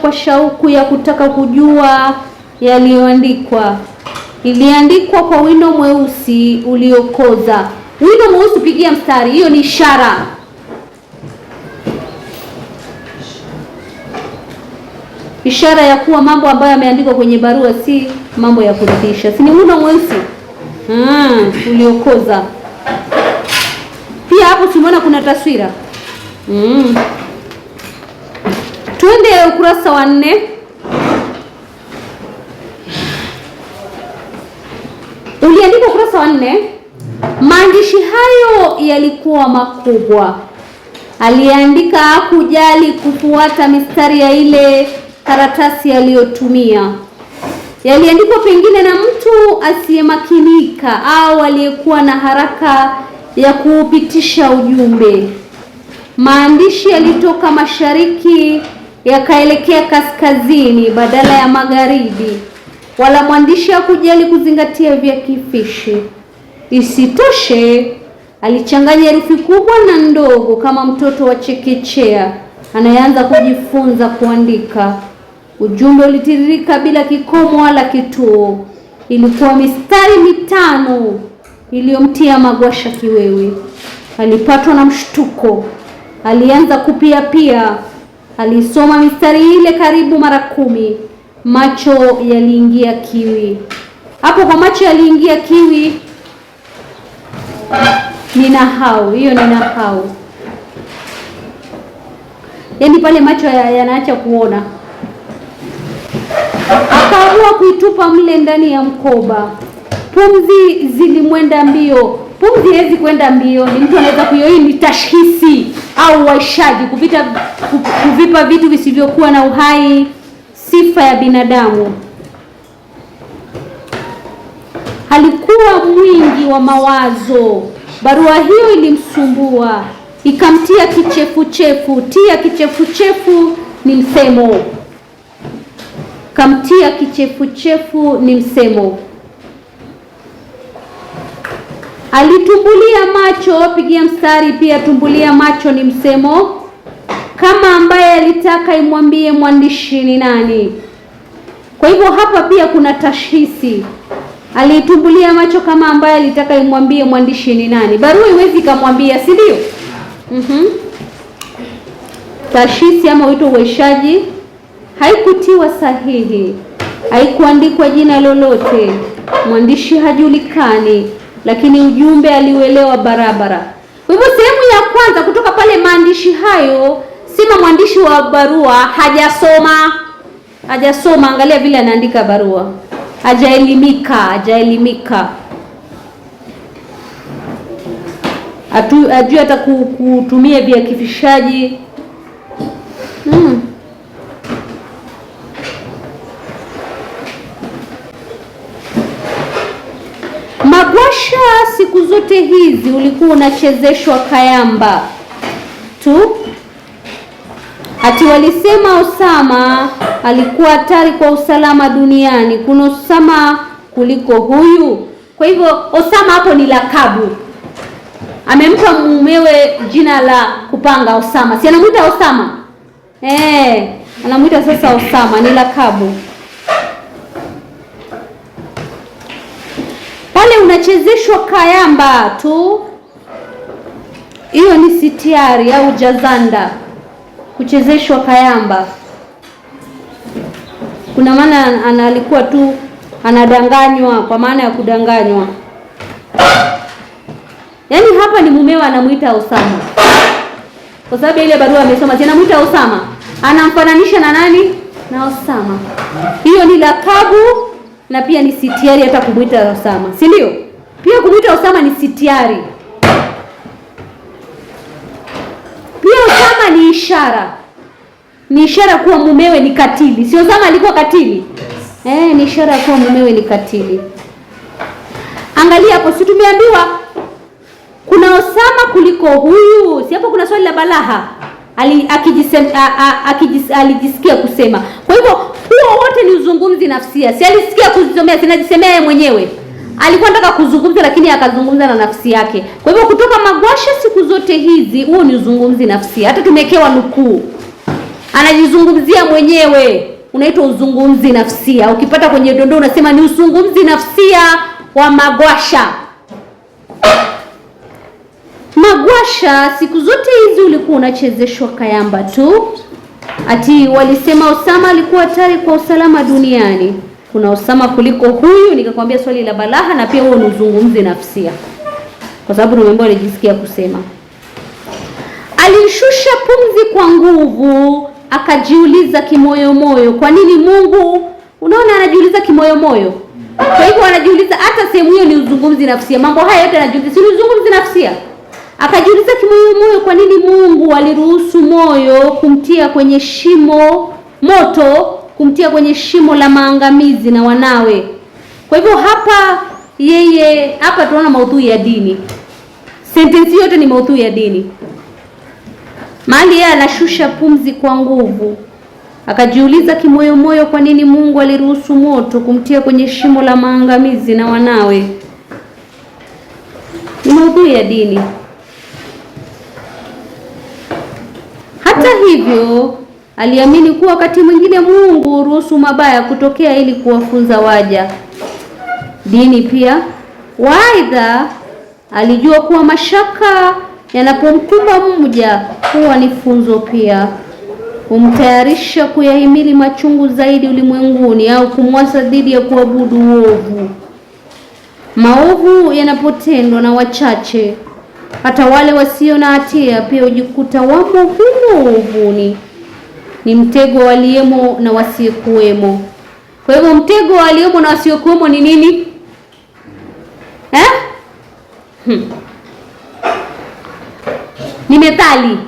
kwa shauku ya kutaka kujua yaliyoandikwa. Iliandikwa kwa wino mweusi uliokoza. Wino mweusi, pigia mstari, hiyo ni ishara. Ishara ya kuwa mambo ambayo yameandikwa kwenye barua si mambo ya kuridhisha, si ni wino mweusi mm, uliokoza. Pia hapo tumeona kuna taswira mm. Twende ukurasa wa nne. Uliandika ukurasa wa nne. Maandishi hayo yalikuwa makubwa. Aliandika kujali kufuata mistari ya ile karatasi aliyotumia. Yaliandikwa pengine na mtu asiyemakinika au aliyekuwa na haraka ya kuupitisha ujumbe. Maandishi yalitoka mashariki yakaelekea kaskazini badala ya magharibi, wala mwandishi hakujali kuzingatia kifishi. Isitoshe, alichanganya herufi kubwa na ndogo kama mtoto wa chekechea anayeanza kujifunza kuandika. Ujumbe ulitiririka bila kikomo wala kituo. Ilikuwa mistari mitano iliyomtia Magwasha kiwewe. Alipatwa na mshtuko, alianza kupia pia Alisoma mistari ile karibu mara kumi. Macho yaliingia kiwi. Hapo kwa macho yaliingia kiwi, ni nahau hiyo, ni nahau yaani pale macho yanaacha ya kuona. Akaamua kuitupa mle ndani ya mkoba. Pumzi zilimwenda mbio. Pumzi haiwezi kwenda mbio, ni mtu anaweza kuyo. Hii ni tashhisi au waishaji kuvita, kuvipa vitu visivyokuwa na uhai sifa ya binadamu. Alikuwa mwingi wa mawazo. Barua hiyo ilimsumbua ikamtia kichefuchefu. Tia kichefuchefu ni msemo, kamtia kichefuchefu ni msemo. Alitumbulia macho, pigia mstari pia. Tumbulia macho ni msemo kama ambaye alitaka imwambie mwandishi ni nani. Kwa hivyo hapa pia kuna tashhisi, alitumbulia macho kama ambaye alitaka imwambie mwandishi ni nani. Barua iwezi ikamwambia, si ndio? mm -hmm. Tashhisi ama wito uwaishaji haikutiwa sahihi, haikuandikwa jina lolote, mwandishi hajulikani lakini ujumbe aliuelewa barabara. Kwa hivyo sehemu ya kwanza kutoka pale maandishi hayo, sema mwandishi wa barua hajasoma, hajasoma. Angalia vile anaandika barua, hajaelimika, hajaelimika ajui hata kutumia viakifishaji. Hmm. zote hizi ulikuwa unachezeshwa kayamba tu. Ati walisema Osama alikuwa hatari kwa usalama duniani, kuna Osama kuliko huyu. Kwa hivyo Osama hapo ni lakabu, amempa mumewe jina la kupanga Osama, si anamwita Osama eh, anamwita sasa Osama ni lakabu. Inachezeshwa kayamba tu, hiyo ni sitiari au jazanda. Kuchezeshwa kayamba, kuna maana analikuwa tu anadanganywa, kwa maana ya kudanganywa. Yaani hapa ni mumewa anamwita Osama, kwa sababu ile barua amesoma, anamwita Osama, anamfananisha na nani? Na Osama. Hiyo ni lakabu na pia ni sitiari hata kumwita Osama, si ndio? Pia kumwita Osama ni sitiari, pia Osama ni ishara, ni ishara kuwa mumewe ni katili. Si Osama alikuwa katili? Eh, ni ishara kuwa mumewe ni katili. Angalia hapo, si tumeambiwa kuna Osama kuliko huyu? Si hapo kuna swali la Balaha ali, akijis, alijisikia kusema. Kwa hivyo huo wote ni uzungumzi nafsia, si alisikia kuzisomea, sinajisemea yeye mwenyewe alikuwa anataka kuzungumza lakini akazungumza na nafsi yake. Kwa hivyo kutoka Magwasha siku zote hizi huo ni uzungumzi nafsi, hata tumekewa nukuu, anajizungumzia mwenyewe, unaitwa uzungumzi nafsia. Ukipata kwenye dondoo unasema ni uzungumzi nafsia wa Magwasha. Magwasha siku zote hizi ulikuwa unachezeshwa kayamba tu, ati walisema Osama alikuwa hatari kwa usalama duniani kuna Osama kuliko huyu, nikakwambia swali la balaha na pia wewe unazungumze nafsi yako, kwa sababu nimeambiwa nijisikia kusema. Alishusha pumzi kwa nguvu, akajiuliza kimoyomoyo, kwa nini Mungu? Unaona, anajiuliza kimoyomoyo. Kwa hivyo anajiuliza, hata sehemu hiyo ni uzungumzi nafsia, mambo haya yote anajiuliza, si uzungumzi nafsia. Akajiuliza kimoyomoyo, kwa nini Mungu aliruhusu moyo kumtia kwenye shimo moto kumtia kwenye shimo la maangamizi na wanawe. Kwa hivyo hapa yeye hapa tunaona maudhui ya dini, sentensi yote ni maudhui ya dini. Mahali yeye anashusha pumzi kwa nguvu, akajiuliza kimoyomoyo, kwa nini Mungu aliruhusu moto kumtia kwenye shimo la maangamizi na wanawe? Ni maudhui ya dini. Hata hivyo Aliamini kuwa wakati mwingine Mungu huruhusu mabaya kutokea ili kuwafunza waja dini. Pia waidha, alijua kuwa mashaka yanapomkumba mja huwa ni funzo pia humtayarisha kuyahimili machungu zaidi ulimwenguni au kumwasa dhidi ya kuabudu uovu. Maovu yanapotendwa na wachache, hata wale wasio na hatia pia hujikuta wamo humo uovuni ni mtego waliemo na wasiokuwemo. Kwa hivyo mtego waliemo na wasiokuwemo ni nini eh? hm. ni methali.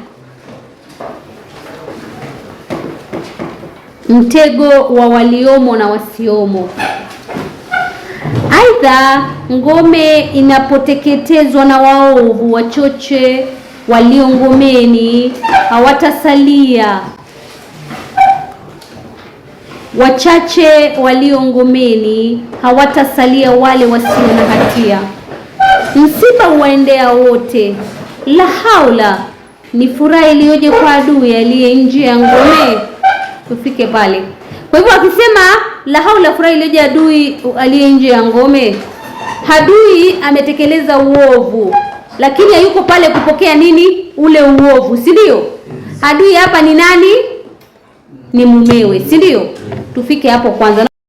Mtego wa waliomo na wasiomo. Aidha, ngome inapoteketezwa na waovu wachoche walio ngomeni hawatasalia Wachache walio ngomeni hawatasalia wale wasio na hatia. Msiba huwaendea wote. La haula! Ni furaha iliyoje kwa adui aliye nje ya ngome. Tufike pale. Kwa hivyo akisema la haula, furaha iliyoje adui aliye nje ya ngome. Adui ametekeleza uovu, lakini hayuko pale kupokea nini? Ule uovu, si ndio? Adui hapa ni nani? Ni mumewe, si ndio? tufikie hapo kwanza.